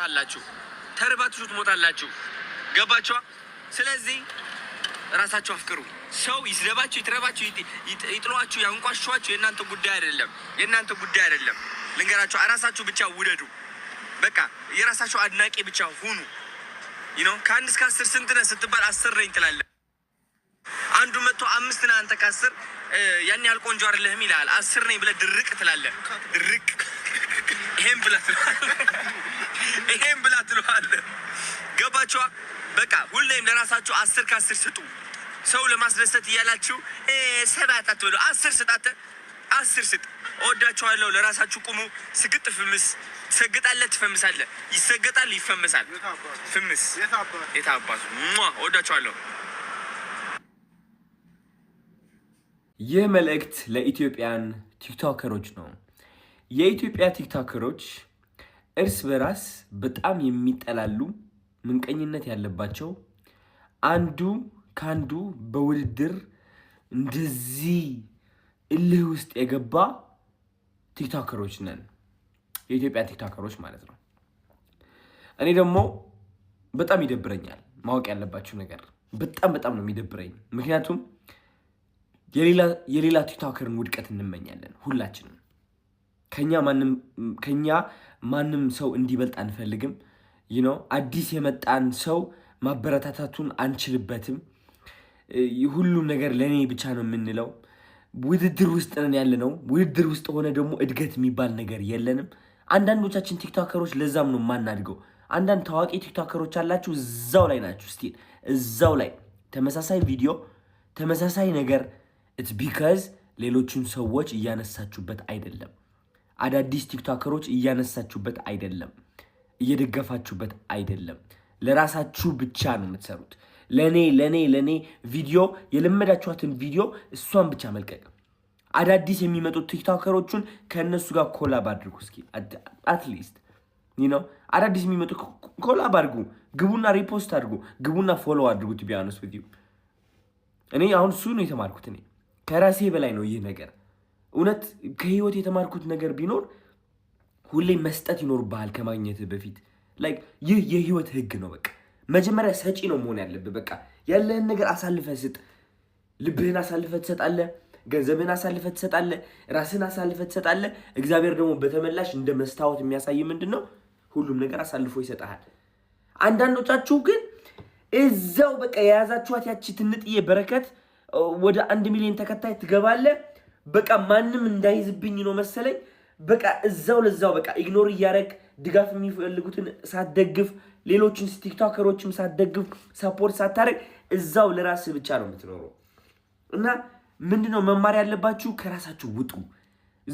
ታላችሁ ተርባችሁ ትሞታላችሁ። ገባችኋ? ስለዚህ ራሳችሁ አፍቅሩ። ሰው ይስደባችሁ፣ ይትረባችሁ፣ ይጥሏችሁ፣ ያንቋሽዋችሁ የእናንተ ጉዳይ አይደለም። የእናንተ ጉዳይ አይደለም። ልንገራችሁ፣ ራሳችሁ ብቻ ውደዱ። በቃ የራሳችሁ አድናቂ ብቻ ሁኑ። ይነው ከአንድ እስከ አስር ስንት ነህ ስትባል አስር ነኝ ትላለህ። አንዱ መቶ አምስት ነህ አንተ ከአስር ያን ያህል ቆንጆ አይደለህም ይልሃል። አስር ነኝ ብለህ ድርቅ ትላለህ። ድርቅ ይሄን ብለህ ይሄም ብላ ትለዋለ። ገባችኋ? በቃ ሁሌም ለራሳችሁ አስር ከአስር ስጡ። ሰው ለማስደሰት እያላችሁ ሰባት አትበሉ፣ አስር ስጣተ አስር ስጥ። እወዳችኋለሁ። ለራሳችሁ ቁሙ። ስግጥ ፍምስ ትሰግጣለህ፣ ትፈምሳለህ። ይሰገጣል፣ ይፈምሳል። ፍምስ የታባሱ እወዳችኋለሁ። ይህ መልእክት ለኢትዮጵያን ቲክቶከሮች ነው። የኢትዮጵያ ቲክቶከሮች እርስ በራስ በጣም የሚጠላሉ ምንቀኝነት ያለባቸው አንዱ ከአንዱ በውድድር እንደዚህ እልህ ውስጥ የገባ ቲክቶከሮች ነን። የኢትዮጵያ ቲክቶከሮች ማለት ነው። እኔ ደግሞ በጣም ይደብረኛል። ማወቅ ያለባችሁ ነገር በጣም በጣም ነው የሚደብረኝ። ምክንያቱም የሌላ ቲክቶከርን ውድቀት እንመኛለን ሁላችንም። ከኛ ማንም ሰው እንዲበልጥ አንፈልግም። ይነው አዲስ የመጣን ሰው ማበረታታቱን አንችልበትም። ሁሉም ነገር ለእኔ ብቻ ነው የምንለው። ውድድር ውስጥ ነን ያለ ነው። ውድድር ውስጥ ሆነ ደግሞ እድገት የሚባል ነገር የለንም። አንዳንዶቻችን ቲክቶከሮች ለዛም ነው የማናድገው። አንዳንድ ታዋቂ ቲክቶከሮች አላችሁ፣ እዛው ላይ ናችሁ። ስቲል እዛው ላይ ተመሳሳይ ቪዲዮ፣ ተመሳሳይ ነገር። ኢትስ ቢካዝ ሌሎቹን ሰዎች እያነሳችሁበት አይደለም። አዳዲስ ቲክቶከሮች እያነሳችሁበት አይደለም፣ እየደገፋችሁበት አይደለም። ለራሳችሁ ብቻ ነው የምትሰሩት። ለእኔ ለእኔ ለእኔ ቪዲዮ የለመዳችኋትን ቪዲዮ እሷን ብቻ መልቀቅ። አዳዲስ የሚመጡት ቲክቶከሮቹን ከእነሱ ጋር ኮላብ አድርጉ። እስኪ አትሊስት ነው አዳዲስ የሚመጡ ኮላብ አድርጉ። ግቡና ሪፖስት አድርጉ። ግቡና ፎሎ አድርጉት። ቢያነስ እኔ አሁን እሱ ነው የተማርኩት። እኔ ከራሴ በላይ ነው ይህ ነገር እውነት ከህይወት የተማርኩት ነገር ቢኖር ሁሌ መስጠት ይኖርብሃል ከማግኘት በፊት። ላይክ ይህ የህይወት ህግ ነው። በቃ መጀመሪያ ሰጪ ነው መሆን ያለብህ። በቃ ያለህን ነገር አሳልፈህ ስጥ። ልብህን አሳልፈህ ትሰጣለህ፣ ገንዘብህን አሳልፈህ ትሰጣለህ፣ ራስህን አሳልፈህ ትሰጣለህ። እግዚአብሔር ደግሞ በተመላሽ እንደ መስታወት የሚያሳይ ምንድን ነው ሁሉም ነገር አሳልፎ ይሰጠሃል። አንዳንዶቻችሁ ግን እዛው በቃ የያዛችኋት ያቺ ትንጥዬ በረከት ወደ አንድ ሚሊዮን ተከታይ ትገባለህ በቃ ማንም እንዳይዝብኝ ነው መሰለኝ። በቃ እዛው ለዛው በቃ ኢግኖር እያደረግ ድጋፍ የሚፈልጉትን ሳትደግፍ፣ ሌሎችን ቲክቶከሮችም ሳትደግፍ፣ ሰፖርት ሳታደርግ እዛው ለራስ ብቻ ነው የምትኖረው እና ምንድነው መማር ያለባችሁ? ከራሳችሁ ውጡ።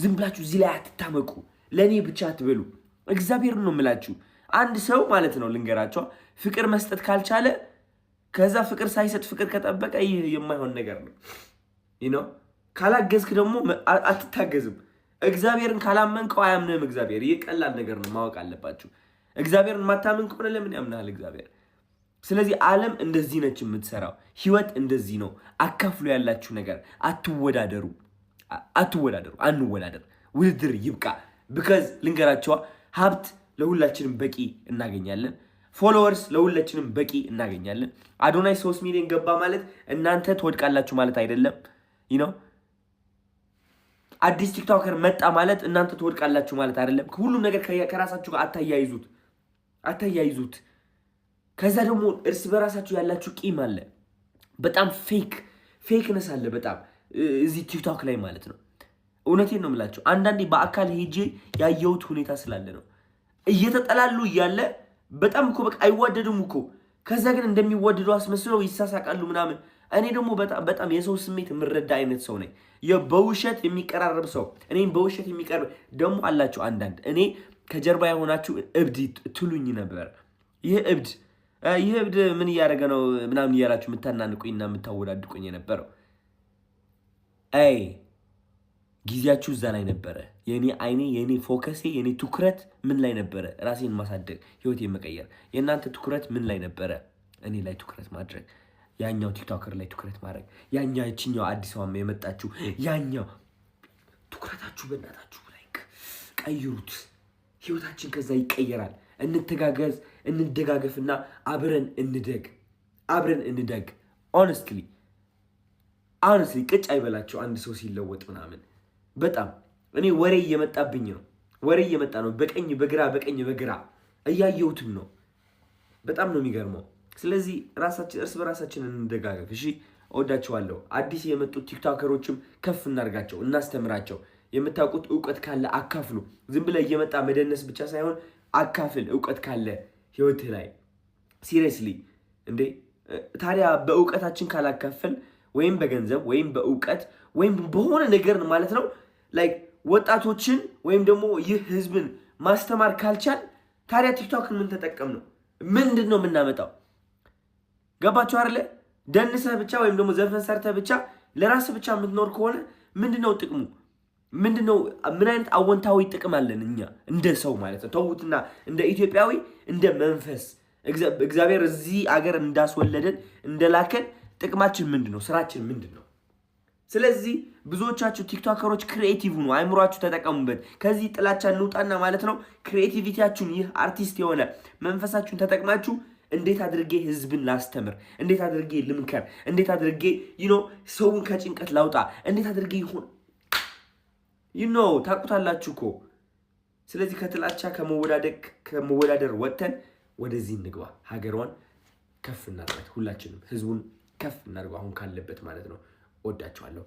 ዝም ብላችሁ እዚህ ላይ አትታመቁ። ለእኔ ብቻ አትበሉ። እግዚአብሔር ነው የምላችሁ። አንድ ሰው ማለት ነው ልንገራቸው፣ ፍቅር መስጠት ካልቻለ ከዛ ፍቅር ሳይሰጥ ፍቅር ከጠበቀ ይህ የማይሆን ነገር ነው ነው ካላገዝክ ደግሞ አትታገዝም። እግዚአብሔርን ካላመንከው አያምንም እግዚአብሔር ይህ ቀላል ነገር ነው፣ ማወቅ አለባችሁ። እግዚአብሔርን ማታመን ከሆነ ለምን ያምናል እግዚአብሔር? ስለዚህ ዓለም እንደዚህ ነች የምትሰራው። ህይወት እንደዚህ ነው። አካፍሎ ያላችሁ ነገር አትወዳደሩ፣ አትወዳደሩ፣ አንወዳደር። ውድድር ይብቃ። ብከዝ ልንገራቸዋ፣ ሀብት ለሁላችንም በቂ እናገኛለን። ፎሎወርስ ለሁላችንም በቂ እናገኛለን። አዶናይ ሶስት ሚሊዮን ገባ ማለት እናንተ ትወድቃላችሁ ማለት አይደለም ነው አዲስ ቲክቶከር መጣ ማለት እናንተ ትወድቃላችሁ ማለት አይደለም። ሁሉም ነገር ከራሳችሁ ጋር አታያይዙት አታያይዙት። ከዛ ደግሞ እርስ በራሳችሁ ያላችሁ ቂም አለ። በጣም ፌክ ፌክነስ አለ በጣም እዚህ ቲክቶክ ላይ ማለት ነው። እውነቴን ነው የምላቸው። አንዳንዴ በአካል ሄጄ ያየሁት ሁኔታ ስላለ ነው። እየተጠላሉ እያለ በጣም እኮ በቃ አይዋደዱም እኮ ከዛ ግን እንደሚዋደዱ አስመስለው ይሳሳቃሉ ምናምን እኔ ደግሞ በጣም በጣም የሰው ስሜት የምረዳ አይነት ሰው ነኝ። በውሸት የሚቀራረብ ሰው እኔም በውሸት የሚቀርብ ደግሞ አላችሁ። አንዳንድ እኔ ከጀርባ የሆናችሁ እብድ ትሉኝ ነበር። ይህ እብድ ይህ እብድ ምን እያደረገ ነው ምናምን እያላችሁ የምታናንቁኝና የምታወዳድቁኝ የነበረው አይ ጊዜያችሁ እዛ ላይ ነበረ። የእኔ አይኔ የእኔ ፎከሴ የእኔ ትኩረት ምን ላይ ነበረ? ራሴን ማሳደግ፣ ህይወቴን መቀየር። የእናንተ ትኩረት ምን ላይ ነበረ? እኔ ላይ ትኩረት ማድረግ ያኛው ቲክቶከር ላይ ትኩረት ማድረግ ያኛው ይችኛው አዲስ አበባ የመጣችሁ ያኛው ትኩረታችሁ በእናታችሁ ቀይሩት። ህይወታችን ከዛ ይቀየራል። እንተጋገዝ፣ እንደጋገፍና አብረን እንደግ፣ አብረን እንደግ። ኦነስትሊ ኦነስትሊ ቅጭ አይበላቸው አንድ ሰው ሲለወጥ ምናምን። በጣም እኔ ወሬ እየመጣብኝ ነው፣ ወሬ እየመጣ ነው። በቀኝ በግራ በቀኝ በግራ እያየሁትም ነው። በጣም ነው የሚገርመው። ስለዚህ ራሳችን እርስ በራሳችን እንደጋገፍ። እሺ እወዳችኋለሁ። አዲስ የመጡት ቲክቶከሮችም ከፍ እናርጋቸው፣ እናስተምራቸው። የምታውቁት እውቀት ካለ አካፍሉ። ዝም ብለህ እየመጣ መደነስ ብቻ ሳይሆን አካፍል። እውቀት ካለ ህይወትህ ላይ ሲሪየስሊ እንዴ። ታዲያ በእውቀታችን ካላካፈል ወይም በገንዘብ ወይም በእውቀት ወይም በሆነ ነገር ማለት ነው ላይክ ወጣቶችን ወይም ደግሞ ይህ ህዝብን ማስተማር ካልቻል ታዲያ ቲክቶክን ምን ተጠቀም ነው? ምንድን ነው የምናመጣው? ገባችሁ አይደለ? ደንሰ ብቻ ወይም ደግሞ ዘፈን ሰርተ ብቻ ለራስ ብቻ የምትኖር ከሆነ ምንድነው ጥቅሙ? ምንድነው? ምን አይነት አወንታዊ ጥቅም አለን እኛ እንደ ሰው ማለት ነው። ተውትና እንደ ኢትዮጵያዊ እንደ መንፈስ እግዚአብሔር እዚህ አገር እንዳስወለደን እንደላከን ጥቅማችን ምንድን ነው? ስራችን ምንድን ነው? ስለዚህ ብዙዎቻችሁ ቲክቶከሮች ክሪኤቲቭ ሁኑ፣ አይምሯችሁ ተጠቀሙበት። ከዚህ ጥላቻ እንውጣና ማለት ነው ክሪኤቲቪቲያችሁን ይህ አርቲስት የሆነ መንፈሳችሁን ተጠቅማችሁ እንዴት አድርጌ ህዝብን ላስተምር፣ እንዴት አድርጌ ልምከር፣ እንዴት አድርጌ ዩኖ ሰውን ከጭንቀት ላውጣ፣ እንዴት አድርጌ ይሁን ዩኖ ታቁታላችሁ እኮ። ስለዚህ ከጥላቻ ከመወዳደቅ ከመወዳደር ወጥተን ወደዚህ እንግባ። ሀገሯን ከፍ እናድርጋት፣ ሁላችንም ህዝቡን ከፍ እናድርገው፣ አሁን ካለበት ማለት ነው። ወዳችኋለሁ።